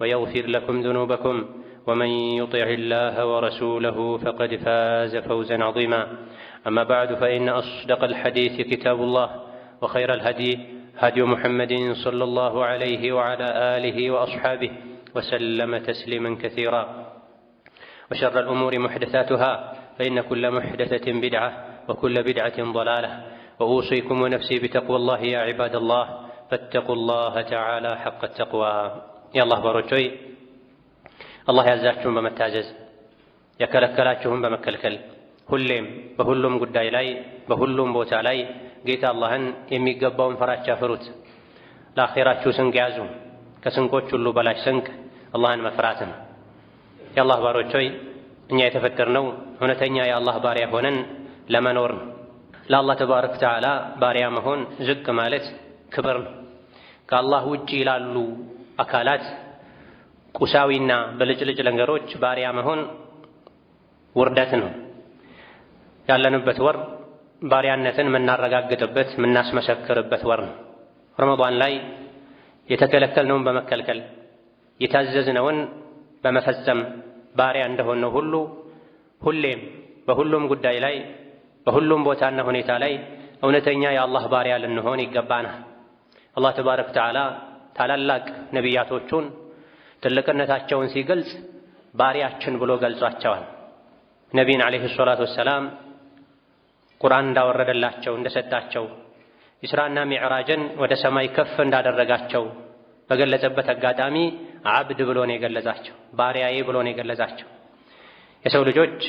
ويغفر لكم ذنوبكم ومن يطع الله ورسوله فقد فاز فوزا عظيما أما بعد فإن أصدق الحديث كتاب الله وخير الهدي هدي محمد صلى الله عليه وعلى آله وأصحابه وسلم تسليما كثيرا وشر الأمور محدثاتها فإن كل محدثة بدعة وكل بدعة ضلالة وأوصيكم ونفسي بتقوى الله يا عباد الله فاتقوا الله تعالى حق التقوى የአላህ ባሮች ሆይ አላህ ያዛችሁን በመታዘዝ የከለከላችሁን በመከልከል ሁሌም በሁሉም ጉዳይ ላይ በሁሉም ቦታ ላይ ጌታ አላህን የሚገባውን ፍራቻ ፍሩት። ለአኼራችሁ ስንቅ ያዙ። ከስንቆች ሁሉ በላሽ ስንቅ አላህን መፍራትን። የአላህ ባሮች ሆይ እኛ የተፈጠርነው እውነተኛ የአላህ ባሪያ ሆነን ለመኖር ነው። ለአላህ ተባረክ ተዓላ ባሪያ መሆን ዝቅ ማለት ክብር ነው። ከአላህ ውጪ ይላሉ አካላት ቁሳዊና በልጭልጭ ነገሮች ባሪያ መሆን ውርደት ነው። ያለንበት ወር ባሪያነትን የምናረጋግጥበት የምናስመሰክርበት ወር ነው። ረመዳን ላይ የተከለከልነውን በመከልከል የታዘዝነውን በመፈጸም ባሪያ እንደሆነው ሁሉ ሁሌም በሁሉም ጉዳይ ላይ በሁሉም ቦታና ሁኔታ ላይ እውነተኛ የአላህ ባሪያ ልንሆን ይገባናል። አላህ ተባረከ ወተዓላ ታላላቅ ነቢያቶቹን ትልቅነታቸውን ሲገልጽ ባሪያችን ብሎ ገልጿቸዋል። ነቢይን ዓለይሂ ሰላቱ ወሰላም ቁርአን እንዳወረደላቸው እንደሰጣቸው፣ ኢስራና ሚዕራጅን ወደ ሰማይ ከፍ እንዳደረጋቸው በገለጸበት አጋጣሚ አብድ ብሎ ነው የገለጻቸው፣ ባሪያዬ ብሎ ነው የገለጻቸው። የሰው ልጆች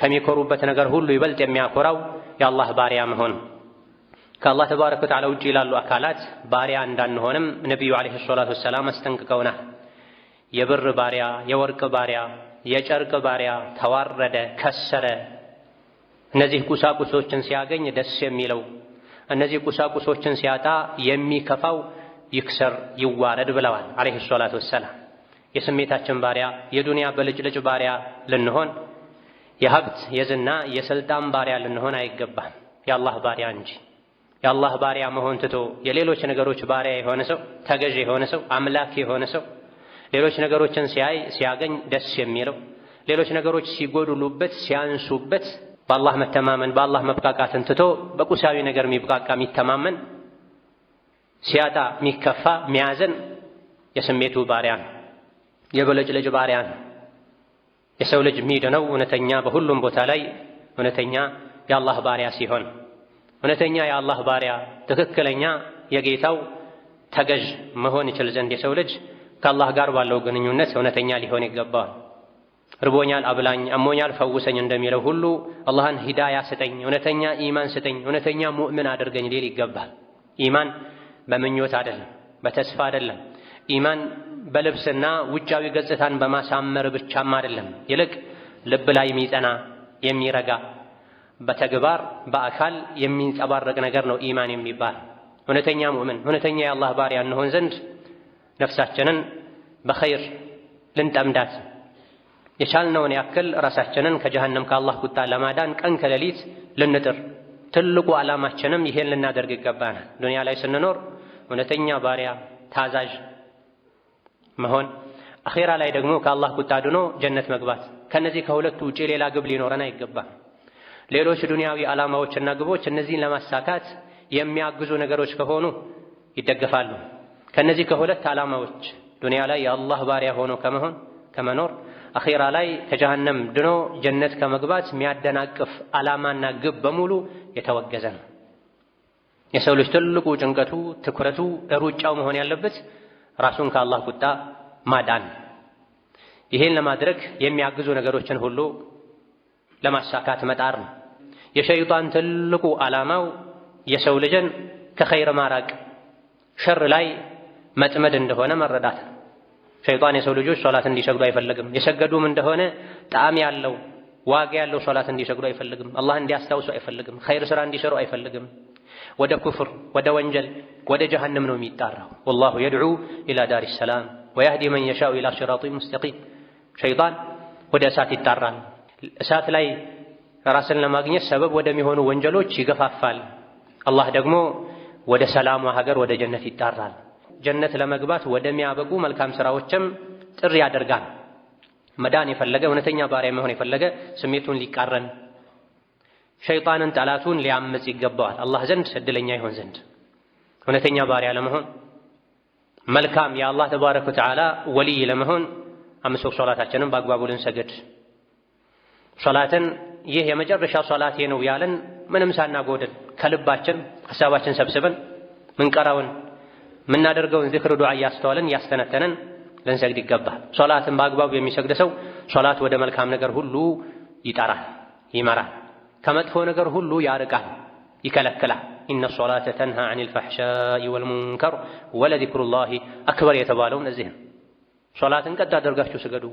ከሚኮሩበት ነገር ሁሉ ይበልጥ የሚያኮራው የአላህ ባሪያ መሆን ከአላህ ተባረከ ወተዓላ ውጭ ይላሉ አካላት ባሪያ እንዳንሆንም ነቢዩ ዓለይሂ ሰላቱ ወሰላም አስጠንቅቀውናል። የብር ባሪያ፣ የወርቅ ባሪያ፣ የጨርቅ ባሪያ ተዋረደ፣ ከሰረ። እነዚህ ቁሳቁሶችን ሲያገኝ ደስ የሚለው እነዚህ ቁሳቁሶችን ሲያጣ የሚከፋው ይክሰር፣ ይዋረድ ብለዋል ዓለይሂ ሰላቱ ወሰላም። የስሜታችን ባሪያ፣ የዱንያ በልጭልጭ ባሪያ ልንሆን የሀብት የዝና የስልጣን ባሪያ ልንሆን አይገባም፣ የአላህ ባሪያ እንጂ የአላህ ባሪያ መሆን ትቶ የሌሎች ነገሮች ባሪያ የሆነ ሰው ተገዥ የሆነ ሰው አምላክ የሆነ ሰው ሌሎች ነገሮችን ሲያይ ሲያገኝ ደስ የሚለው ሌሎች ነገሮች ሲጎድሉበት ሲያንሱበት በአላህ መተማመን በአላህ መብቃቃትን ትቶ በቁሳዊ ነገር የሚብቃቃ የሚተማመን ሲያጣ የሚከፋ የሚያዘን የስሜቱ ባሪያ ነው። የበለጭለጭ ባሪያ ነው። የሰው ልጅ የሚድነው እውነተኛ በሁሉም ቦታ ላይ እውነተኛ የአላህ ባሪያ ሲሆን እውነተኛ የአላህ ባሪያ ትክክለኛ የጌታው ተገዥ መሆን ይችል ዘንድ የሰው ልጅ ከአላህ ጋር ባለው ግንኙነት እውነተኛ ሊሆን ይገባዋል። ርቦኛል አብላኝ፣ አሞኛል ፈውሰኝ እንደሚለው ሁሉ አላህን ሂዳያ ስጠኝ፣ እውነተኛ ኢማን ስጠኝ፣ እውነተኛ ሙእምን አድርገኝ ሊል ይገባል። ኢማን በምኞት አይደለም፣ በተስፋ አይደለም። ኢማን በልብስና ውጫዊ ገጽታን በማሳመር ብቻም አይደለም። ይልቅ ልብ ላይ የሚጠና የሚረጋ በተግባር በአካል የሚንጸባረቅ ነገር ነው ኢማን የሚባል። እውነተኛ ሙእምን እውነተኛ የአላህ ባሪያ እንሆን ዘንድ ነፍሳችንን በኸይር ልንጠምዳት የቻልነውን ያክል ራሳችንን ከጀሃነም ከአላህ ቁጣ ለማዳን ቀን ከሌሊት ልንጥር፣ ትልቁ ዓላማችንም ይሄን ልናደርግ ይገባናል። ዱንያ ላይ ስንኖር እውነተኛ ባሪያ ታዛዥ መሆን፣ አኼራ ላይ ደግሞ ከአላህ ቁጣ ድኖ ጀነት መግባት። ከነዚህ ከሁለቱ ውጪ ሌላ ግብ ሊኖረን አይገባም። ሌሎች ዱንያዊ ዓላማዎችና ግቦች እነዚህን ለማሳካት የሚያግዙ ነገሮች ከሆኑ ይደገፋሉ። ከነዚህ ከሁለት ዓላማዎች ዱንያ ላይ የአላህ ባሪያ ሆኖ ከመሆን ከመኖር፣ አኼራ ላይ ከጀሃነም ድኖ ጀነት ከመግባት የሚያደናቅፍ ዓላማና ግብ በሙሉ የተወገዘ ነው። የሰው ልጅ ትልቁ ጭንቀቱ፣ ትኩረቱ፣ ሩጫው መሆን ያለበት ራሱን ከአላህ ቁጣ ማዳን። ይህን ለማድረግ የሚያግዙ ነገሮችን ሁሉ ለማሳካት መጣር ነው። የሸይጣን ትልቁ ዓላማው የሰው ልጅን ከኸይር ማራቅ፣ ሸር ላይ መጥመድ እንደሆነ መረዳት ነው። ሸይጣን የሰው ልጆች ሶላት እንዲሰግዱ አይፈልግም። የሰገዱም እንደሆነ ጣዕም ያለው ዋጋ ያለው ሶላት እንዲሰግዱ አይፈልግም። አላህ እንዲያስታውሱ አይፈልግም። ኸይር ስራ እንዲሰሩ አይፈልግም። ወደ ኩፍር፣ ወደ ወንጀል፣ ወደ ጀሃንም ነው የሚጣራው። ወላሁ የድዑ ኢላ ዳሪ ሰላም ወያህዲ መን የሻኡ ኢላ ሲራጢ ሙስተቂም። ሸይጣን ወደ እሳት ይጣራል። እሳት ላይ ራስን ለማግኘት ሰበብ ወደሚሆኑ ወንጀሎች ይገፋፋል። አላህ ደግሞ ወደ ሰላሙ ሀገር ወደ ጀነት ይጣራል። ጀነት ለመግባት ወደሚያበቁ መልካም ስራዎችም ጥሪ ያደርጋል። መዳን የፈለገ እውነተኛ ባሪያ መሆን የፈለገ ስሜቱን ሊቃረን ሸይጣንን ጠላቱን ሊያምፅ ይገባዋል። አላህ ዘንድ እድለኛ ይሆን ዘንድ እውነተኛ ባሪያ ለመሆን መልካም የአላህ ተባረከ ወተዓላ ወልይ ለመሆን አምስት ወቅት ሶላታችንን በአግባቡ ልንሰግድ ሶላትን ይህ የመጨረሻ ሶላቴ ነው ያለን ምንም ሳናጎድል ከልባችን ሀሳባችን ሰብስበን ምንቀራውን ምናደርገውን ዝክር ዱዓ እያስተዋልን እያስተነተንን ልንሰግድ ይገባል። ሶላትን በአግባቡ የሚሰግድ ሰው ሶላት ወደ መልካም ነገር ሁሉ ይጠራል፣ ይመራል፣ ከመጥፎ ነገር ሁሉ ያርቃል፣ ይከለክላል። ኢነ ሶላተ ተንሃ ዐኒል ፈሕሻኢ ወልሙንከር ወለዚክሩላሂ አክበር የተባለው እዚህ ነው። ሶላትን ቀጥ አደርጋችሁ ስገዱ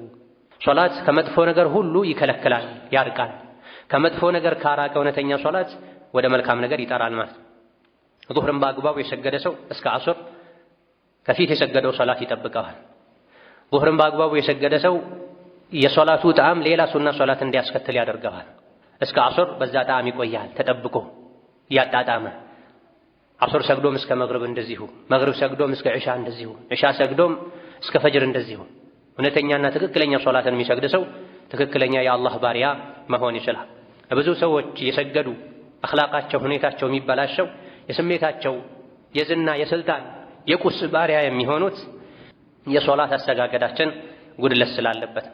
ሶላት ከመጥፎ ነገር ሁሉ ይከለክላል፣ ያርቃል። ከመጥፎ ነገር ካራቀ እውነተኛ ሶላት ወደ መልካም ነገር ይጠራል ማለት ነው። ዙህርን በአግባቡ የሰገደ ሰው እስከ አሱር ከፊት የሰገደው ሶላት ይጠብቀዋል። ዙህርን በአግባቡ የሰገደ ሰው የሶላቱ ጣዕም ሌላ ሱና ሶላት እንዲያስከትል ያደርገዋል። እስከ አሱር በዛ ጣዕም ይቆያል፣ ተጠብቆ እያጣጣመ አሱር ሰግዶም እስከ መግሪብ እንደዚሁ፣ መግሪብ ሰግዶም እስከ ዕሻ እንደዚሁ፣ ዕሻ ሰግዶም እስከ ፈጅር እንደዚሁ እውነተኛና ትክክለኛ ሶላትን የሚሰግድ ሰው ትክክለኛ የአላህ ባሪያ መሆን ይችላል። ብዙ ሰዎች የሰገዱ አኽላቃቸው፣ ሁኔታቸው የሚበላሸው የስሜታቸው የዝና፣ የስልጣን፣ የቁስ ባሪያ የሚሆኑት የሶላት አሰጋገዳችን ጉድለት ስላለበት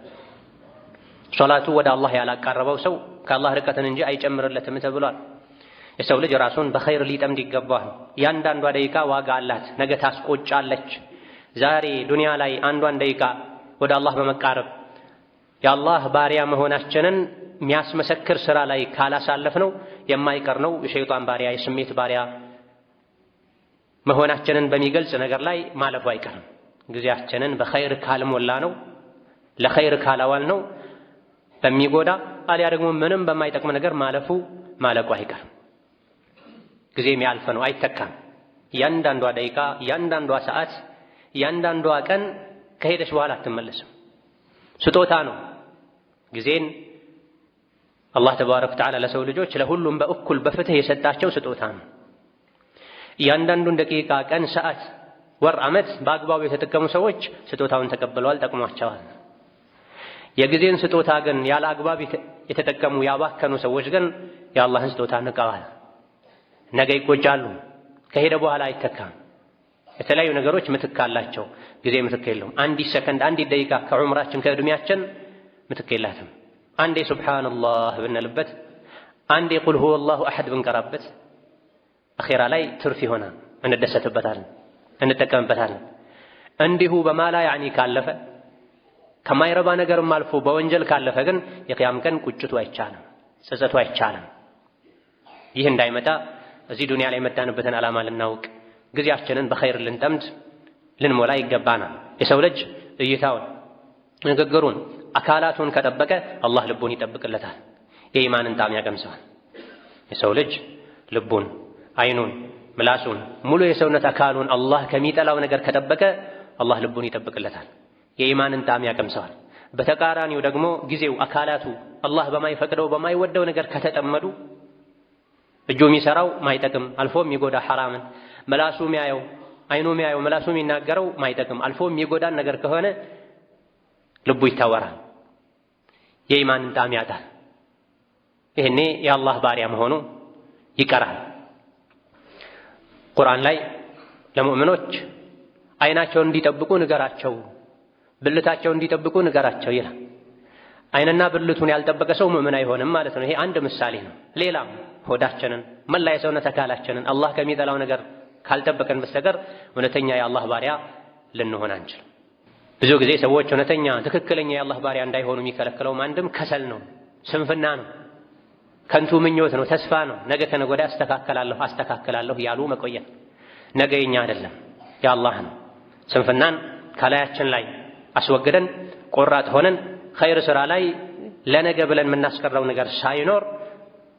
ሶላቱ ወደ አላህ ያላቃረበው ሰው ከአላህ ርቀትን እንጂ አይጨምርለትም ተብሏል። የሰው ልጅ ራሱን በኸይር ሊጠምድ ይገባል። ያንዳንዷ ደቂቃ ዋጋ አላት፣ ነገ ታስቆጫለች። ዛሬ ዱንያ ላይ አንዷን ደቂቃ ወደ አላህ በመቃረብ የአላህ ባሪያ መሆናችንን የሚያስመሰክር ስራ ላይ ካላሳለፍ ነው የማይቀር ነው የሸይጣን ባሪያ የስሜት ባሪያ መሆናችንን በሚገልጽ ነገር ላይ ማለፉ አይቀርም። ጊዜያችንን በኸይር ካልሞላ ነው ለኸይር ካላዋል ነው በሚጎዳ አሊያ ደግሞ ምንም በማይጠቅም ነገር ማለፉ ማለቁ አይቀርም። ጊዜም ያልፈ ነው አይተካም። እያንዳንዷ ደቂቃ፣ እያንዳንዷ ሰዓት፣ እያንዳንዷ ቀን ከሄደች በኋላ አትመለስም። ስጦታ ነው። ጊዜን አላህ ተባረከ ወተዓላ ለሰው ልጆች ለሁሉም በእኩል በፍትህ የሰጣቸው ስጦታ ነው። እያንዳንዱን ደቂቃ፣ ቀን፣ ሰዓት፣ ወር፣ ዓመት በአግባቡ የተጠቀሙ ሰዎች ስጦታውን ተቀብለዋል፣ ጠቅሟቸዋል። የጊዜን ስጦታ ግን ያለ አግባብ የተጠቀሙ ያባከኑ ሰዎች ግን የአላህን ስጦታ ንቀዋል። ነገ ይቆጫሉ። ከሄደ በኋላ አይተካም። የተለያዩ ነገሮች ምትክ አላቸው። ጊዜ ምትክ የለውም። አንዲት ሰከንድ፣ አንዲት ደቂቃ ከዑምራችን ከእድሜያችን ምትክ የላትም። አንዴ ሱብሓነላህ ብንልበት፣ አንዴ ቁል ሁወ አላሁ አሐድ ብንቀራበት አኼራ ላይ ትርፍ ይሆና እንደሰትበታለን፣ እንጠቀምበታለን። እንዲሁ በማላ ያዕኒ ካለፈ ከማይረባ ነገርም አልፎ በወንጀል ካለፈ ግን የቅያም ቀን ቁጭቱ አይቻልም፣ ጸጸቱ አይቻልም። ይህ እንዳይመጣ እዚህ ዱንያ ላይ የመጣንበትን ዓላማ ልናውቅ ጊዜያችንን በኸይር ልንጠምድ ልንሞላ ይገባናል። የሰው ልጅ እይታውን፣ ንግግሩን፣ አካላቱን ከጠበቀ አላህ ልቡን ይጠብቅለታል። የኢማንን ጣዕም ያቀምሰዋል። የሰው ልጅ ልቡን፣ አይኑን፣ ምላሱን፣ ሙሉ የሰውነት አካሉን አላህ ከሚጠላው ነገር ከጠበቀ አላህ ልቡን ይጠብቅለታል። የኢማንን ጣዕም ያቀምሰዋል። በተቃራኒው ደግሞ ጊዜው፣ አካላቱ አላህ በማይፈቅደው በማይወደው ነገር ከተጠመዱ እጁ የሚሰራው ማይጠቅም አልፎ የሚጎዳ ሐራምን መላሱ ሚያየው አይኑ ሚያየው መላሱ የሚናገረው ማይጠቅም አልፎ የሚጎዳን ነገር ከሆነ ልቡ ይታወራል፣ የኢማንን ጣዕም ያጣል። ይህኔ የአላህ ባሪያ መሆኑ ይቀራል። ቁርአን ላይ ለሙእምኖች አይናቸውን እንዲጠብቁ ንገራቸው፣ ብልታቸውን እንዲጠብቁ ንገራቸው ይላል። አይንና ብልቱን ያልጠበቀ ሰው ሙእምን አይሆንም ማለት ነው። ይሄ አንድ ምሳሌ ነው። ሌላም ሆዳችንን መላ የሰውነት አካላችንን አላህ ከሚጠላው ነገር ካልጠበቀን በስተቀር እውነተኛ የአላህ ባሪያ ልንሆን አንችልም። ብዙ ጊዜ ሰዎች እውነተኛ ትክክለኛ የአላህ ባሪያ እንዳይሆኑ የሚከለክለውም አንድም ከሰል ነው፣ ስንፍና ነው፣ ከንቱ ምኞት ነው፣ ተስፋ ነው። ነገ ከነገ ወዲያ አስተካከላለሁ አስተካከላለሁ ያሉ መቆየት። ነገ የኛ አይደለም የአላህ ነው። ስንፍናን ከላያችን ላይ አስወግደን ቆራጥ ሆነን ኸይር ስራ ላይ ለነገ ብለን የምናስቀረው ነገር ሳይኖር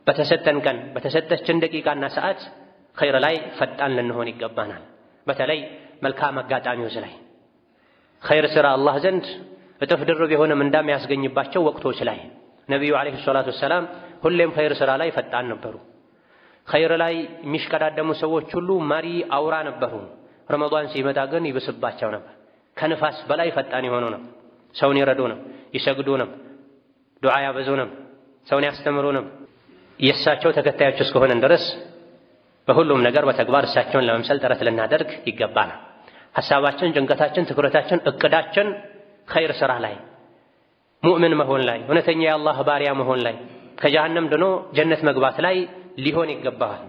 በተሰጠን ቀን በተሰጠችን ደቂቃና ሰዓት ኸይር ላይ ፈጣን ልንሆን ይገባናል። በተለይ መልካም አጋጣሚዎች ላይ ኸይር ሥራ አላህ ዘንድ እጥፍ ድርብ የሆነ ምንዳ የሚያስገኝባቸው ወቅቶች ላይ ነቢዩ ዓለይሂ ሰላቱ ወሰላም ሁሌም ኸይር ሥራ ላይ ፈጣን ነበሩ። ኸይር ላይ የሚሽቀዳደሙ ሰዎች ሁሉ መሪ አውራ ነበሩ። ረመዷን ሲመጣ ግን ይብስባቸው ነበር። ከንፋስ በላይ ፈጣን የሆኑ ነበር። ሰውን ይረዱ ነበር፣ ይሰግዱ ነበር፣ ዱዓ ያበዙ ነበር፣ ሰውን ያስተምሩ ነበር። የእሳቸው ተከታዮች እስከሆነን ድረስ በሁሉም ነገር በተግባር እሳቸውን ለመምሰል ጥረት ልናደርግ ይገባል። ሐሳባችን፣ ጭንቀታችን፣ ትኩረታችን፣ እቅዳችን ኸይር ስራ ላይ ሙእምን መሆን ላይ እውነተኛ የአላህ ባሪያ መሆን ላይ ከጀሃነም ድኖ ጀነት መግባት ላይ ሊሆን ይገባል።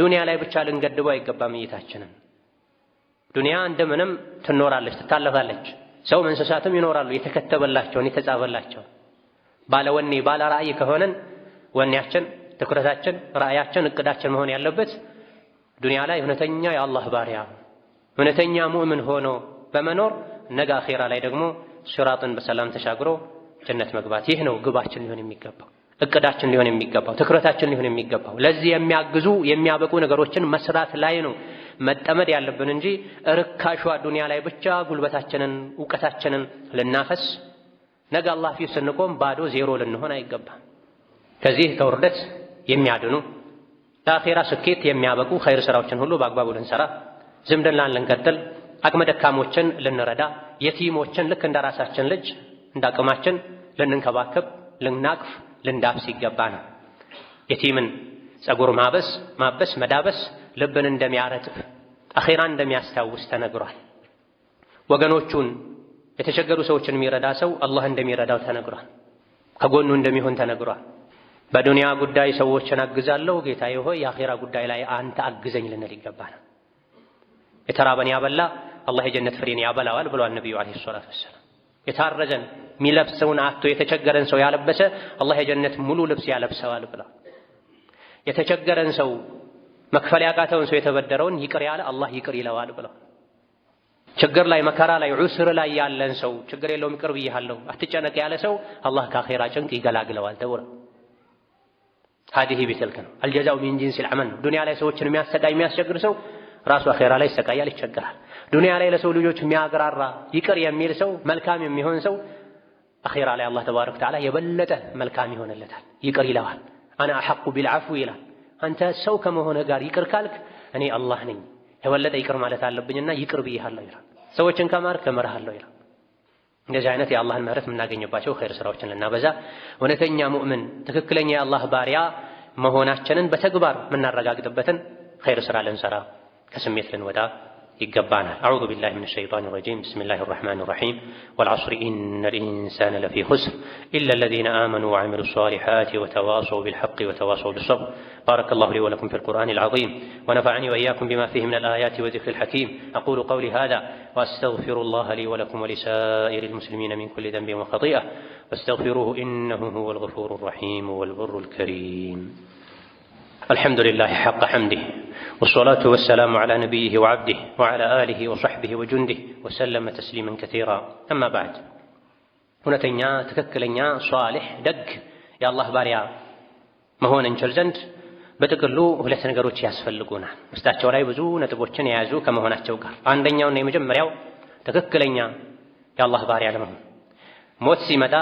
ዱንያ ላይ ብቻ ልንገድበው አይገባም። እይታችንም። ዱንያ እንደምንም ትኖራለች፣ ትታለፋለች። ሰውም እንስሳትም ይኖራሉ የተከተበላቸውን የተጻፈላቸው ባለ ወኔ ባለ ራእይ ከሆነን ወኔያችን ትኩረታችን፣ ራእያችን፣ እቅዳችን መሆን ያለበት ዱንያ ላይ እውነተኛ የአላህ ባሪያ እውነተኛ ሙእምን ሆኖ በመኖር ነገ አኼራ ላይ ደግሞ ሲራጥን በሰላም ተሻግሮ ጀነት መግባት። ይህ ነው ግባችን ሊሆን የሚገባው እቅዳችን ሊሆን የሚገባው ትኩረታችን ሊሆን የሚገባው ለዚህ የሚያግዙ የሚያበቁ ነገሮችን መስራት ላይ ነው መጠመድ ያለብን እንጂ ርካሿ ዱንያ ላይ ብቻ ጉልበታችንን እውቀታችንን ልናፈስ ነገ አላህ ፊት ስንቆም ባዶ ዜሮ ልንሆን አይገባም። ከዚህ ከውርደት የሚያድኑ ለአኼራ ስኬት የሚያበቁ ኸይር ስራዎችን ሁሉ በአግባቡ ልንሰራ፣ ዝምድናን ልንቀጥል፣ አቅመ ደካሞችን ልንረዳ፣ የቲሞችን ልክ እንደ ራሳችን ልጅ እንደ አቅማችን ልንንከባከብ፣ ልናቅፍ፣ ልንዳብስ ነው። የቲምን ጸጉር ማበስ ማበስ መዳበስ ልብን እንደሚያረጥብ አኼራን እንደሚያስታውስ ተነግሯል። ወገኖቹን የተቸገሩ ሰዎችን የሚረዳ ሰው አላህ እንደሚረዳው ተነግሯል። ከጎኑ እንደሚሆን ተነግሯል። በዱንያ ጉዳይ ሰዎችን አግዛለሁ፣ ጌታዬ ሆይ የአኼራ ጉዳይ ላይ አንተ አግዘኝ ልንል ይገባናል። የተራበን ያበላ አላህ የጀነት ፍሬን ያበላዋል ብሏል ነቢዩ ዓለይሂ ሰላቱ ወሰላም። የታረዘን የሚለብሰውን አቶ የተቸገረን ሰው ያለበሰ አላህ የጀነት ሙሉ ልብስ ያለብሰዋል ብሏል። የተቸገረን ሰው መክፈል ያቃተውን ሰው የተበደረውን ይቅር ያለ አላህ ይቅር ይለዋል ብሏል። ችግር ላይ መከራ ላይ ዑስር ላይ ያለን ሰው ችግር የለውም ይቅር ብያለሁ አትጨነቅ ያለ ሰው አላህ ከአኼራ ጭንቅ ይገላግለዋል ተብሏል። هذه بتلك الجزاء من جنس العمل دنيا لا يسوي شنو مياس سقاي مياس شجر سو راسو خير على يسقاي على يشجر دنيا لا يسوي لجوا شنو مياس قرار را يكر يمير سو ملكام يميهون سو أخير على الله تبارك وتعالى يبلت ملكام يهون اللتان يكر يلوان أنا أحق بالعفو إلى أنت سو كم هون قار يكر كالك أني الله نين يبلت يكر مالتان لبنينا يكر بيها الله يرى سوى شنو كمار كمرها الله يرى እንደዚህ አይነት የአላህን ምህረት የምናገኝባቸው ኸይር ስራዎችን ልናበዛ እውነተኛ ሙእምን ትክክለኛ የአላህ ባሪያ መሆናችንን በተግባር የምናረጋግጥበትን ኸይር ስራ ልንሰራ ከስሜት ልንወጣ يقبعنا أعوذ بالله من الشيطان الرجيم بسم الله الرحمن الرحيم والعصر إن الإنسان لفي خسر إلا الذين آمنوا وعملوا الصالحات وتواصوا بالحق وتواصوا بالصبر بارك الله لي ولكم في القرآن العظيم ونفعني وإياكم بما فيه من الآيات وذكر الحكيم أقول قولي هذا وأستغفر الله لي ولكم ولسائر المسلمين من كل ذنب وخطيئة فاستغفروه إنه هو الغفور الرحيم والبر الكريم الحمد لله حق حمده والصلاة والسلام على نبيه وعبده وعلى آله وصحبه وجنده وسلم تسليما كثيرا أما بعد هنا تنيا تككلنيا صالح دق يا الله باريا ما هو ولا ننشرزنت በጥቅሉ ሁለት ነገሮች ያስፈልጉናል ውስጣቸው ላይ ብዙ ነጥቦችን የያዙ ከመሆናቸው ጋር አንደኛውና የመጀመሪያው يا الله ባሪያ لهم ሞት ሲመጣ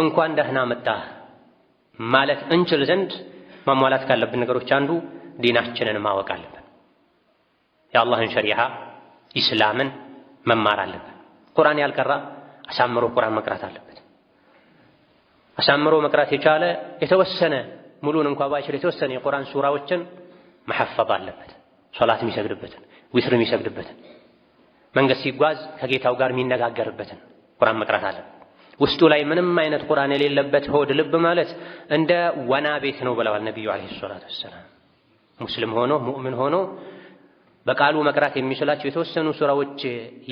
أنكو ደህና መጣ ማለት እንችል ዘንድ ማሟላት ካለብን ነገሮች አንዱ ዲናችንን ማወቅ አለብን። የአላህን ሸሪዓ ኢስላምን መማር አለብን። ቁርአን ያልቀራ አሳምሮ ቁርአን መቅራት አለበት። አሳምሮ መቅራት የቻለ የተወሰነ ሙሉን እንኳ ባይችል የተወሰነ የቁርአን ሱራዎችን መሐፈብ አለበት። ሶላት የሚሰግድበትን፣ ዊትር የሚሰግድበትን፣ መንገድ ሲጓዝ ከጌታው ጋር የሚነጋገርበትን ቁርአን መቅራት አለበት። ውስጡ ላይ ምንም አይነት ቁርአን የሌለበት ሆድ ልብ ማለት እንደ ወና ቤት ነው ብለዋል ነቢዩ አለይሂ ሰላቱ ወሰላም። ሙስሊም ሆኖ ሙእምን ሆኖ በቃሉ መቅራት የሚችላቸው የተወሰኑ ሱራዎች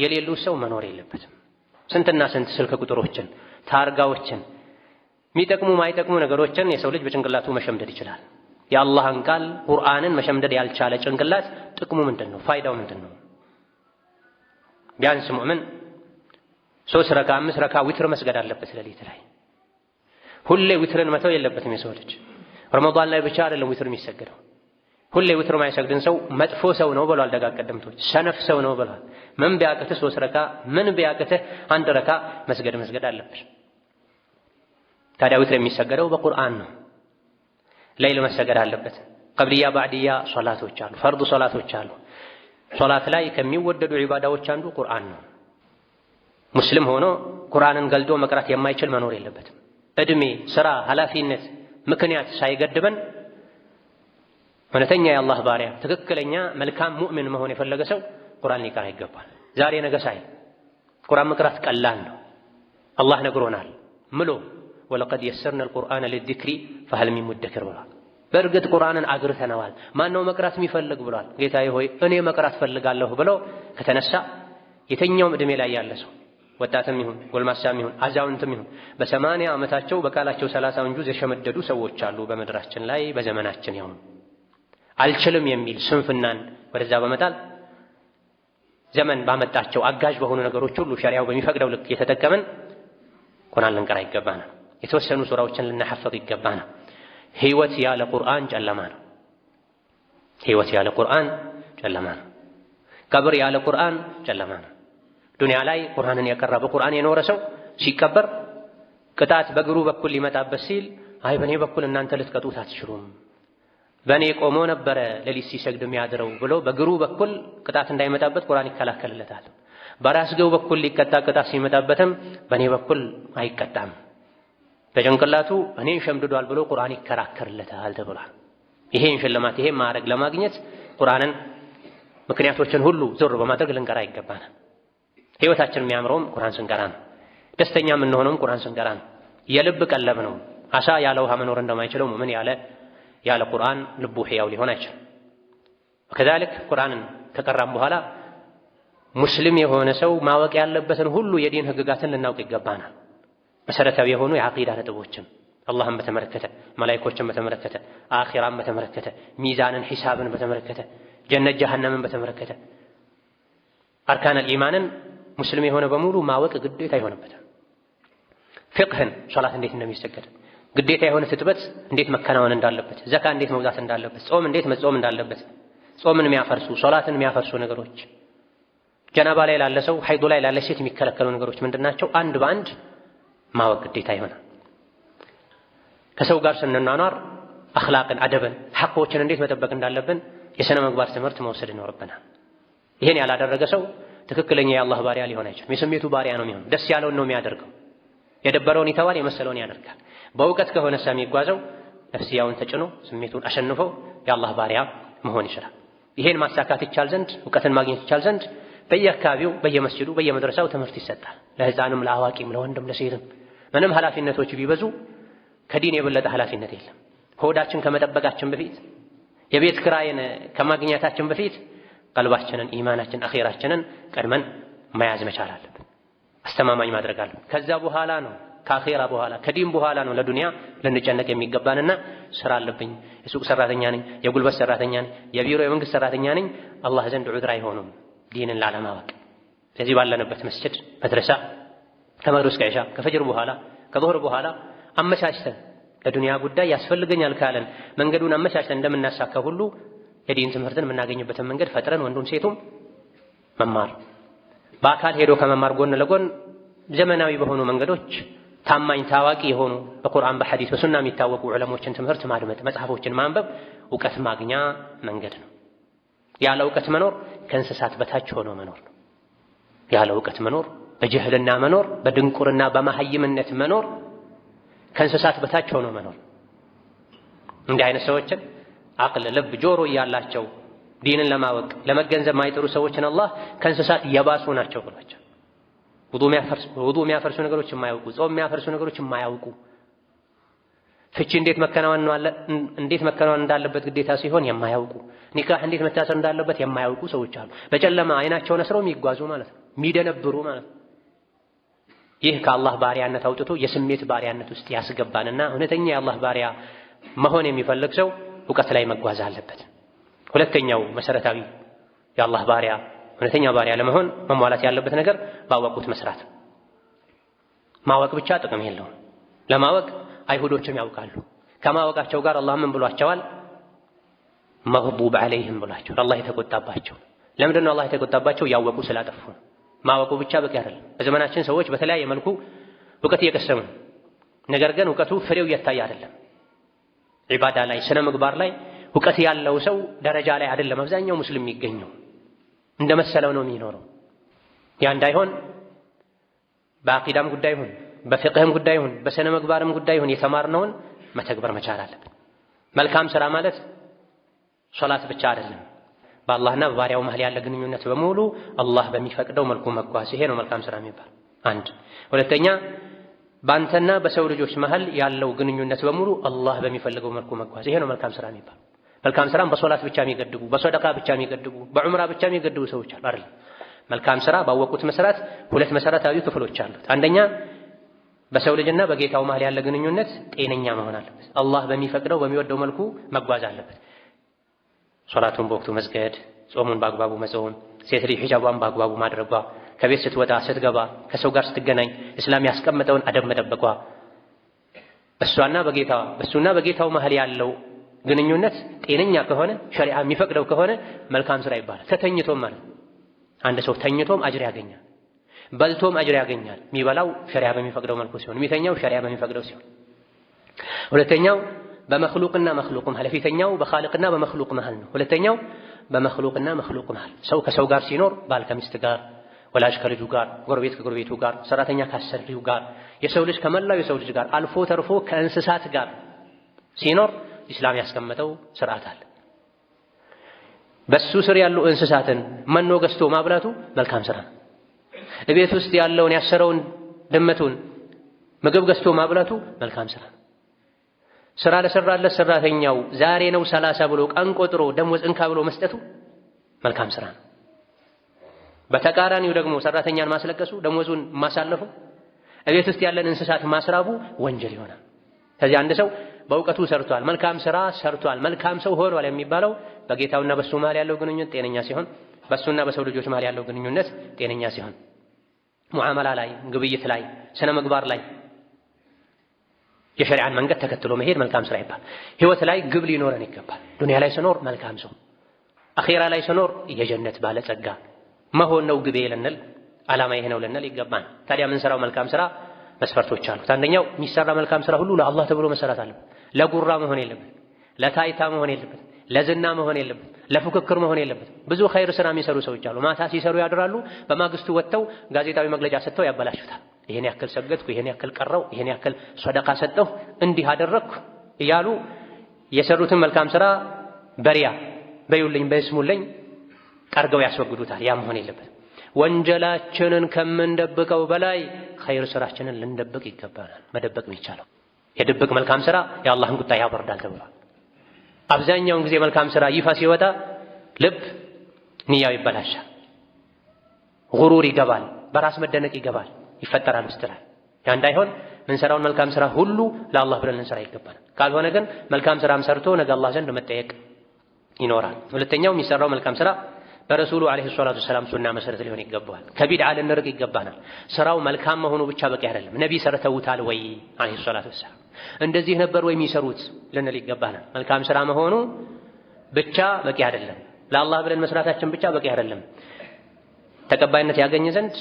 የሌሉ ሰው መኖር የለበትም። ስንትና ስንት ስልክ ቁጥሮችን፣ ታርጋዎችን፣ የሚጠቅሙ ማይጠቅሙ ነገሮችን የሰው ልጅ በጭንቅላቱ መሸምደድ ይችላል። የአላህን ቃል ቁርአንን መሸምደድ ያልቻለ ጭንቅላት ጥቅሙ ምንድን ነው? ፋይዳው ምንድን ነው? ቢያንስ ሙእምን ሶስት ረካ አምስት ረካ ዊትር መስገድ አለበት ሌሊት ላይ። ሁሌ ዊትርን መተው የለበትም የሰው ልጅ። ረመዳን ላይ ብቻ አይደለም ዊትር የሚሰገደው። ሁሌ ዊትር ማይሰግድን ሰው መጥፎ ሰው ነው ብሏል ደጋ ቀደምቶች፣ ሰነፍ ሰው ነው ብሏል። ምን ቢያቅትህ ሶስት ረካ፣ ምን ቢያቅትህ አንድ ረካ መስገድ መስገድ አለበት። ታዲያ ዊትር የሚሰገደው በቁርአን ነው። ሌይል መሰገድ አለበት። ቀብልያ ባዕድያ ሶላቶች አሉ፣ ፈርድ ሶላቶች አሉ። ሶላት ላይ ከሚወደዱ ዒባዳዎች አንዱ ቁርአን ነው። ሙስሊም ሆኖ ቁርአንን ገልጦ መቅራት የማይችል መኖር የለበትም። እድሜ፣ ስራ፣ ኃላፊነት፣ ምክንያት ሳይገድበን እውነተኛ የአላህ ባሪያ ትክክለኛ መልካም ሙእሚን መሆን የፈለገ ሰው ቁርአን ሊቀራ ይገባል። ዛሬ ነገ ሳይ ቁርአን መቅራት ቀላል ነው። አላህ ነግሮናል ምሎ ወለቀድ የሰርነ አልቁርአነ ለዚክሪ ፈሀል ሚን ሙደክር ብሏል። በእርግጥ ቁርአንን አግርተነዋል። ማን ነው መቅራት የሚፈልግ ብሏል። ጌታዬ ሆይ እኔ መቅራት ፈልጋለሁ ብሎ ከተነሳ የትኛውም ዕድሜ ላይ ያለ ሰው ወጣትም ይሁን ጎልማሳም ይሁን አዛውንትም ይሁን በሰማንያ ዓመታቸው በቃላቸው ሰላሳውን ጁዝ የሸመደዱ ሰዎች አሉ በምድራችን ላይ በዘመናችን ይሁን አልችልም የሚል ስንፍናን ወደዛ በመጣል ዘመን ባመጣቸው አጋዥ በሆኑ ነገሮች ሁሉ ሸሪያው በሚፈቅደው ልክ የተጠቀምን ቁርአን ልንቀራ ይገባና የተወሰኑ ሱራዎችን ልናሐፈቅ ይገባና። ህይወት ያለ ቁርአን ጨለማ ነው። ህይወት ያለ ቁርአን ጨለማ ነው። ቀብር ያለ ቁርአን ጨለማ ነው። ዱንያ ላይ ቁርአንን ያቀረበ ቁርአን የኖረ ሰው ሲቀበር ቅጣት በእግሩ በኩል ሊመጣበት ሲል አይ በእኔ በኩል እናንተ ልትቀጡት አትችሉም፣ በእኔ ቆሞ ነበረ ሌሊት ሲሰግድ የሚያድረው ብሎ በእግሩ በኩል ቅጣት እንዳይመጣበት ቁርአን ይከላከልለታል። በራስገው በኩል ሊቀጣ ቅጣት ሲመጣበትም በእኔ በኩል አይቀጣም፣ በጭንቅላቱ እኔን ሸምድዷል ብሎ ቁርአን ይከራከርለታል ተብሏል። ይሄን ሽልማት ይሄን ማዕረግ ለማግኘት ቁርአንን ምክንያቶችን ሁሉ ዞር በማድረግ ልንቀራ ይገባናል። ህይወታችን የሚያምረውም ቁርአን ስንቀራ ነው። ደስተኛ የምንሆነውም ቁርአን ስንቀራ ነው። የልብ ቀለብ ነው። አሳ ያለ ውሃ መኖር እንደማይችለው ሙእምን ያለ ያለ ቁርአን ልቡ ሕያው ሊሆን አይችልም። ከዛልክ ቁርአንን ከቀራም በኋላ ሙስሊም የሆነ ሰው ማወቅ ያለበትን ሁሉ የዲን ህግጋትን ልናውቅ ይገባናል። መሰረታዊ የሆኑ የአቂዳ ነጥቦችን አላህን በተመለከተ፣ መላኢኮችን በተመለከተ፣ አኺራን በተመለከተ፣ ሚዛንን፣ ሒሳብን በተመለከተ፣ ጀነት ጀሃነምን በተመለከተ አርካነል ኢማንን ሙስሊም የሆነ በሙሉ ማወቅ ግዴታ ይሆንበታል። ፍቅህን ሶላት እንዴት እንደሚሰገድ ግዴታ የሆነ ትጥበት እንዴት መከናወን እንዳለበት፣ ዘካ እንዴት መውጣት እንዳለበት፣ ጾም እንዴት መጾም እንዳለበት፣ ጾምን የሚያፈርሱ ሶላትን የሚያፈርሱ ነገሮች ጀናባ ላይ ላለ ሰው ሐይዱ ላይ ላለ ሴት የሚከለከሉ ነገሮች ምንድናቸው? አንድ በአንድ ማወቅ ግዴታ ይሆናል። ከሰው ጋር ስንኗኗር አኽላቅን፣ አደብን፣ ሐቆችን እንዴት መጠበቅ እንዳለብን የሥነ ምግባር ትምህርት መውሰድ ይኖርብናል። ይህን ያላደረገ ሰው ትክክለኛ የአላህ ባሪያ ሊሆን አይችልም። የስሜቱ ባሪያ ነው የሚሆነው። ደስ ያለውን ነው የሚያደርገው። የደበረውን ይተዋል፣ የመሰለውን ያደርጋል። በእውቀት ከሆነ የሚጓዘው ነፍስያውን ተጭኖ ስሜቱን አሸንፎ የአላህ ባሪያ መሆን ይችላል። ይሄን ማሳካት ይቻል ዘንድ እውቀትን ማግኘት ይቻል ዘንድ በየአካባቢው በየመስጂዱ በየመድረሳው ትምህርት ይሰጣል። ለህፃንም፣ ለአዋቂም፣ ለወንድም፣ ለሴትም ምንም ኃላፊነቶች ቢበዙ ከዲን የበለጠ ኃላፊነት የለም። ሆዳችን ከመጠበቃችን በፊት የቤት ክራይን ከማግኘታችን በፊት ቀልባችንን፣ ኢማናችንን አኼራችንን ቀድመን መያዝ መቻል አለብን። አስተማማኝ ማድረግ አለብን። ከዛ በኋላ ነው ከአኼራ በኋላ ከዲን በኋላ ነው ለዱንያ ልንጨነቅ የሚገባንና ስራ አለብኝ፣ የሱቅ ሰራተኛ ነኝ፣ የጉልበት ሰራተኛ ነኝ፣ የቢሮ የመንግስት ሰራተኛ ነኝ፣ አላህ ዘንድ ዑድር አይሆኑም ዲንን ላለማወቅ። ስለዚህ ባለንበት መስጅድ፣ መድረሳ ከመድረስ ከኢሻ ከፈጅር በኋላ ከዙህር በኋላ አመቻችተን ለዱንያ ጉዳይ ያስፈልገኛል ካለን መንገዱን አመቻችተን እንደምናሳካ ሁሉ የዲን ትምህርትን የምናገኝበትን መንገድ ፈጥረን ወንዱም ሴቱም መማር በአካል ሄዶ ከመማር ጎን ለጎን ዘመናዊ በሆኑ መንገዶች ታማኝ ታዋቂ የሆኑ በቁርአን በሐዲስ በሱና የሚታወቁ ዑለሞችን ትምህርት ማድመጥ፣ መጽሐፎችን ማንበብ እውቀት ማግኛ መንገድ ነው። ያለ እውቀት መኖር ከእንስሳት በታች ሆኖ መኖር ነው። ያለ እውቀት መኖር፣ በጀህልና መኖር፣ በድንቁርና በማህይምነት መኖር ከእንስሳት በታች ሆኖ መኖር እንዲህ አይነት ሰዎችን አቅል፣ ልብ፣ ጆሮ እያላቸው ዲንን ለማወቅ ለመገንዘብ ማይጥሩ ሰዎችን አላህ ከእንስሳት የባሱ ናቸው ብሏቸው። ውዱ የሚያፈርሱ ነገሮች የማያውቁ፣ ጾም የሚያፈርሱ ነገሮች የማያውቁ ፍቺ እንዴት መከናወን እንዴት መከናወን እንዳለበት ግዴታ ሲሆን የማያውቁ ኒካህ እንዴት መታሰር እንዳለበት የማያውቁ ሰዎች አሉ። በጨለማ አይናቸውን አስረው የሚጓዙ ማለት ነው፣ የሚደነብሩ ማለት ነው። ይህ ከአላህ ባሪያነት አውጥቶ የስሜት ባሪያነት ውስጥ ያስገባንና እውነተኛ የአላህ ባሪያ መሆን የሚፈልግ ሰው እውቀት ላይ መጓዝ አለበት። ሁለተኛው መሰረታዊ የአላህ ባሪያ እውነተኛ ባሪያ ለመሆን መሟላት ያለበት ነገር ባወቁት መስራት። ማወቅ ብቻ ጥቅም የለውም። ለማወቅ አይሁዶችም ያውቃሉ። ከማወቃቸው ጋር አላህ ምን ብሏቸዋል? መግዱብ ዐለይህም ብሏቸው አላህ የተቆጣባቸው። ለምንድን ነው አላህ የተቆጣባቸው? ያወቁ ስላጠፉ። ማወቁ ብቻ በቂ አይደለም። በዘመናችን ሰዎች በተለያየ መልኩ እውቀት እየቀሰሙ ነገር ግን እውቀቱ ፍሬው እየታየ አይደለም። ዒባዳ ላይ ስነ ምግባር ላይ እውቀት ያለው ሰው ደረጃ ላይ አይደለም አብዛኛው ሙስሊም የሚገኘው እንደ መሰለው ነው የሚኖረው። ያ እንዳይሆን በአቂዳም ጉዳይ ይሁን በፍቅህም ጉዳይ ይሁን በስነ ምግባርም ጉዳይ ይሁን የተማርነውን መተግበር መቻል አለብን። መልካም ስራ ማለት ሶላት ብቻ አይደለም። በአላህና በባሪያው መሃል ያለ ግንኙነት በሙሉ አላህ በሚፈቅደው መልኩ መጓዝ፣ ይሄ ነው መልካም ስራ የሚባል አንድ። ሁለተኛ በአንተና በሰው ልጆች መሃል ያለው ግንኙነት በሙሉ አላህ በሚፈልገው መልኩ መጓዝ። ይሄ ነው መልካም ስራ የሚባል። መልካም ስራም በሶላት ብቻ የሚገድቡ በሶደቃ ብቻ የሚገድቡ በዑምራ ብቻ የሚገድቡ ሰዎች አሉ አይደል? መልካም ስራ ባወቁት መስራት ሁለት መሰረታዊ ክፍሎች አሉት። አንደኛ በሰው ልጅና በጌታው መሃል ያለ ግንኙነት ጤነኛ መሆን አለበት። አላህ በሚፈቅደው በሚወደው መልኩ መጓዝ አለበት። ሶላቱን በወቅቱ መስገድ፣ ጾሙን በአግባቡ መጾም፣ ሴት ልጅ ሒጃቧን በአግባቡ ማድረጓ ከቤት ስትወጣ ስትገባ፣ ከሰው ጋር ስትገናኝ እስላም ያስቀመጠውን አደብ መጠበቋ እሷና በጌታዋ እሱና በጌታው መሀል ያለው ግንኙነት ጤነኛ ከሆነ ሸሪዓ የሚፈቅደው ከሆነ መልካም ስራ ይባላል። ተተኝቶም ማለት አንድ ሰው ተኝቶም አጅር ያገኛል፣ በልቶም አጅር ያገኛል። የሚበላው ሸሪዓ በሚፈቅደው መልኩ ሲሆን፣ የሚተኛው ሸሪዓ በሚፈቅደው ሲሆን፣ ሁለተኛው በመክሉቅና መክሉቅ መሃል ፊተኛው በኻልቅና በመክሉቅ መሃል ነው። ሁለተኛው በመክሉቅና መክሉቅ መሃል ሰው ከሰው ጋር ሲኖር ባል ከሚስት ጋር ወላጅ ከልጁ ጋር፣ ጎረቤት ከጎረቤቱ ጋር፣ ሰራተኛ ካሰሪው ጋር፣ የሰው ልጅ ከመላው የሰው ልጅ ጋር አልፎ ተርፎ ከእንስሳት ጋር ሲኖር ኢስላም ያስቀመጠው ስርዓት አለ። በሱ ስር ያሉ እንስሳትን መኖ ገዝቶ ማብላቱ መልካም ስራ ነው። እቤት ውስጥ ያለውን ያሰረውን ድመቱን ምግብ ገዝቶ ማብላቱ መልካም ስራ ነው። ስራ ለሰራለት ሰራተኛው ዛሬ ነው ሰላሳ ብሎ ቀን ቆጥሮ ደሞዝ እንካ ብሎ መስጠቱ መልካም ስራ ነው። በተቃራኒው ደግሞ ሰራተኛን ማስለቀሱ፣ ደሞዙን ማሳለፉ፣ እቤት ውስጥ ያለን እንስሳት ማስራቡ ወንጀል ይሆናል። ከዚህ አንድ ሰው በእውቀቱ ሰርቷል፣ መልካም ስራ ሰርቷል፣ መልካም ሰው ሆኗል የሚባለው በጌታውና በሱ መሃል ያለው ግንኙነት ጤነኛ ሲሆን፣ በሱና በሰው ልጆች መሃል ያለው ግንኙነት ጤነኛ ሲሆን፣ ሙዓመላ ላይ፣ ግብይት ላይ፣ ስነ ምግባር ላይ የሸሪዓን መንገድ ተከትሎ መሄድ መልካም ስራ ይባል። ህይወት ላይ ግብ ሊኖረን ይገባል። ዱንያ ላይ ስኖር መልካም ሰው፣ አኼራ ላይ ስኖር የጀነት ባለጸጋ መሆን ነው ግቤ ልንል ዓላማ ይሄ ነው ልንል ይገባል። ታዲያ የምንሰራው መልካም ስራ መስፈርቶች አሉት። አንደኛው የሚሰራ መልካም ስራ ሁሉ ለአላህ ተብሎ መሰራት አለበት። ለጉራ መሆን የለበት፣ ለታይታ መሆን የለበት፣ ለዝና መሆን የለበት፣ ለፉክክር መሆን የለበት። ብዙ ኸይር ስራ የሚሰሩ ሰዎች አሉ። ማታ ሲሰሩ ያድራሉ። በማግስቱ ወጥተው ጋዜጣዊ መግለጫ ሰጥተው ያበላሹታል። ይሄን ያክል ሰገድኩ፣ ይሄን ያክል ቀረው፣ ይሄን ያክል ሰደቃ ሰጠሁ፣ እንዲህ አደረግኩ እያሉ የሰሩትን መልካም ስራ በሪያ በዩልኝ በስሙልኝ ጠርገው ያስወግዱታል። ያ መሆን የለበት ወንጀላችንን ከምንደብቀው በላይ ኸይር ስራችንን ልንደብቅ ይገባናል። መደበቅ የሚቻለው የድብቅ መልካም ስራ የአላህን ቁጣ ያበርዳል ተብሏል። አብዛኛውን ጊዜ መልካም ስራ ይፋ ሲወጣ ልብ ንያው ይበላሻል፣ ጉሩር ይገባል፣ በራስ መደነቅ ይገባል፣ ይፈጠራል ውስጥ ላይ ያ እንዳይሆን ምንሰራውን መልካም ስራ ሁሉ ለአላህ ብለን ልንሰራ ይገባል። ካልሆነ ግን መልካም ስራም ሰርቶ ነገ አላህ ዘንድ መጠየቅ ይኖራል። ሁለተኛው የሚሰራው መልካም ስራ በረሱሉ ዓለይሂ ሰላቱ ሰላም ሱና መሰረት ሊሆን ይገባዋል። ከቢድዓ ልንርቅ ይገባናል። ስራው መልካም መሆኑ ብቻ በቂ አይደለም። ነቢ ሰርተውታል ወይ ዓለይሂ ሰላቱ ሰላም እንደዚህ ነበር ወይ የሚሰሩት ልንል ይገባናል። መልካም ስራ መሆኑ ብቻ በቂ አይደለም። ለአላህ ብለን መስራታችን ብቻ በቂ አይደለም። ተቀባይነት ያገኝ ዘንድ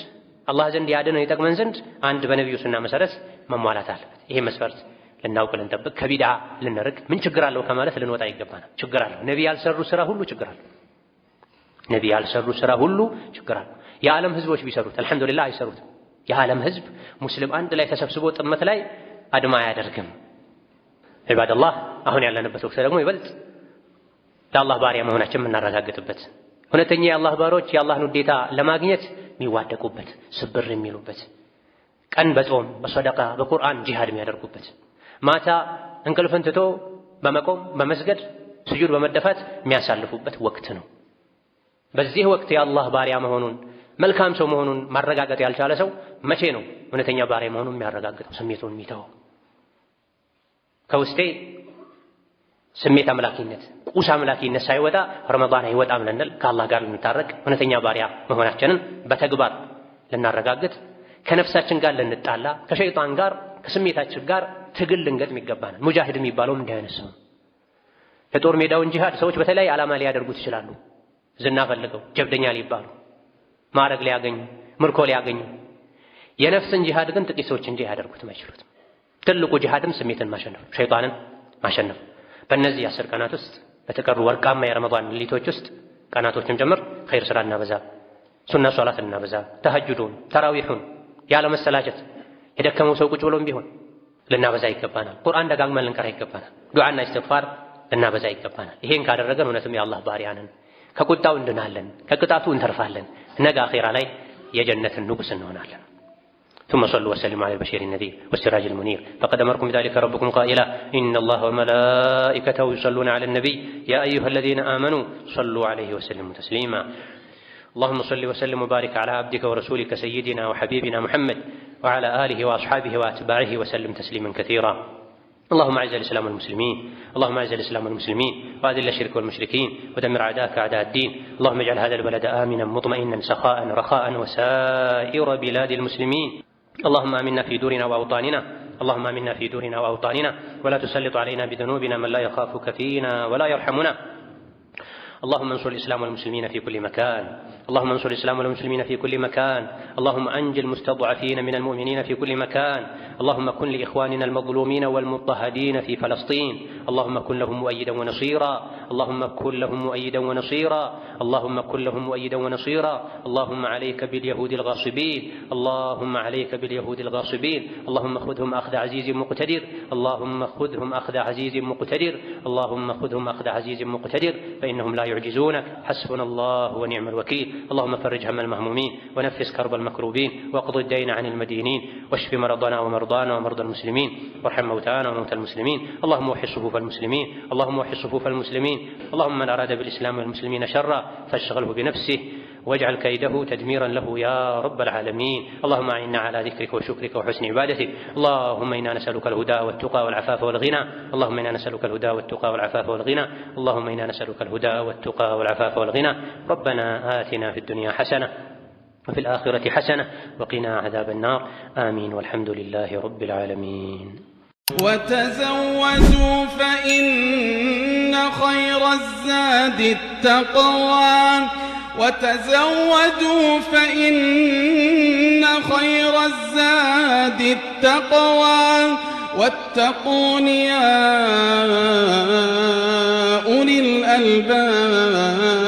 አላህ ዘንድ ያድነው ይጠቅመን ዘንድ አንድ በነቢዩ ሱና መሰረት መሟላት አለበት። ይሄ መስፈርት ልናውቅ ልንጠብቅ፣ ከቢድዓ ልንርቅ ምን ችግር አለው ከማለት ልንወጣ ይገባናል። ችግር አለው ነቢ ያልሰሩ ስራ ሁሉ ችግር አለው። ነቢ ያልሰሩ ስራ ሁሉ ችግር አለው። የዓለም ህዝቦች ቢሰሩት አልሐምዱሊላህ አይሰሩትም። የዓለም ህዝብ ሙስሊም አንድ ላይ ተሰብስቦ ጥመት ላይ አድማ አያደርግም። ዒባደላህ አሁን ያለንበት ወቅት ደግሞ ይበልጥ ለአላህ ባሪያ መሆናችን የምናረጋግጥበት እውነተኛ የአላህ ባሮች የአላህን ውዴታ ለማግኘት የሚዋደቁበት፣ ስብር የሚሉበት፣ ቀን በጾም በሰደቃ በቁርአን ጂሃድ የሚያደርጉበት፣ ማታ እንቅልፍን ትቶ በመቆም በመስገድ ስጁድ በመደፋት የሚያሳልፉበት ወቅት ነው። በዚህ ወቅት የአላህ ባሪያ መሆኑን መልካም ሰው መሆኑን ማረጋገጥ ያልቻለ ሰው መቼ ነው እውነተኛ ባሪያ መሆኑን የሚያረጋግጠው? ስሜቱን የሚተወው ከውስጤ ስሜት አምላኪነት፣ ቁስ አምላኪነት ሳይወጣ ረመዳን አይወጣም ልንል ከአላህ ጋር ልንታረቅ እውነተኛ ባሪያ መሆናችንን በተግባር ልናረጋግጥ ከነፍሳችን ጋር ልንጣላ ከሸይጣን ጋር ከስሜታችን ጋር ትግል ልንገጥም ይገባናል። ሙጃሂድ የሚባለውም እንዲህ አይነት ሰው የጦር ሜዳውን ጂሃድ ሰዎች በተለያየ ዓላማ ሊያደርጉት ይችላሉ። ዝና ፈልገው ጀብደኛ ሊባሉ ማዕረግ ሊያገኙ ምርኮ ሊያገኙ የነፍስን ጂሃድ ግን ጥቂቶች እንጂ ያደርጉት አይችሉትም። ትልቁ ጂሃድም ስሜትን ማሸነፍ ሸይጣንን ማሸነፍ። በእነዚህ አስር ቀናት ውስጥ በተቀሩ ወርቃማ የረመዳን ሌሊቶች ውስጥ ቀናቶችን ጭምር ኸይር ስራ እናበዛ፣ ሱና ሶላት እናበዛ፣ ተሐጅዱን፣ ተራዊሑን ያለ መሰላቸት የደከመው ሰው ቁጭ ብሎም ቢሆን ልናበዛ ይገባናል። ቁርአን ደጋግመን ልንቀራ ይገባናል። ዱዓና ኢስትግፋር ልናበዛ ይገባናል። ይሄን ካደረገን እውነትም የአላህ ባሪያ ነን። ከቁጣው እንድናለን፣ ከቅጣቱ እንተርፋለን። ነገ አኼራ ላይ የጀነትን ንጉስ እንሆናለን። ثم صلوا وسلموا على البشير النذير والسراج المنير فقد أمركم بذلك ربكم قائلا إن الله وملائكته يصلون على النبي يا أيها الذين آمنوا صلوا عليه وسلموا تسليما اللهم صل وسلم وبارك على عبدك ورسولك سيدنا وحبيبنا محمد وعلى آله وأصحابه وأتباعه وسلم تسليما كثيرا اللهم اعز الاسلام والمسلمين اللهم اعز الاسلام والمسلمين واذل الشرك والمشركين ودمر اعداءك اعداء الدين اللهم اجعل هذا البلد امنا مطمئنا سخاء رخاء وسائر بلاد المسلمين اللهم امنا في دورنا واوطاننا اللهم امنا في دورنا واوطاننا ولا تسلط علينا بذنوبنا من لا يخافك فينا ولا يرحمنا اللهم انصر الاسلام والمسلمين في كل مكان اللهم انصر الإسلام والمسلمين في كل مكان اللهم أنجل المستضعفين من المؤمنين في كل مكان اللهم كن لإخواننا المظلومين والمضطهدين في فلسطين اللهم كن لهم مؤيدا ونصيرا اللهم كن لهم مؤيدا ونصيرا اللهم كن لهم مؤيدا ونصيرا اللهم عليك باليهود الغاصبين اللهم عليك باليهود الغاصبين اللهم خذهم أخذ عزيز مقتدر اللهم خذهم أخذ عزيز مقتدر اللهم خذهم أخذ عزيز مقتدر فإنهم لا يعجزونك حسبنا الله ونعم الوكيل اللهم فرج هم المهمومين ونفس كرب المكروبين واقض الدين عن المدينين واشف مرضنا ومرضانا ومرضى المسلمين وارحم موتانا وموتى المسلمين اللهم وحي صفوف المسلمين اللهم وحي صفوف المسلمين اللهم من أراد بالإسلام والمسلمين شرا فاشغله بنفسه واجعل كيده تدميرا له يا رب العالمين اللهم أعنا على ذكرك وشكرك وحسن عبادتك اللهم إنا نسألك الهدى والتقى والعفاف والغنى اللهم إنا نسألك الهدى والتقى والعفاف والغنى اللهم إنا نسألك الهدى والتقى والعفاف والغنى ربنا آتنا في الدنيا حسنة وفي الآخرة حسنة وقنا عذاب النار آمين والحمد لله رب العالمين وتزوجوا فإن خير الزاد التقوى وتزودوا فإن خير الزاد التقوى واتقون يا أولي الألباب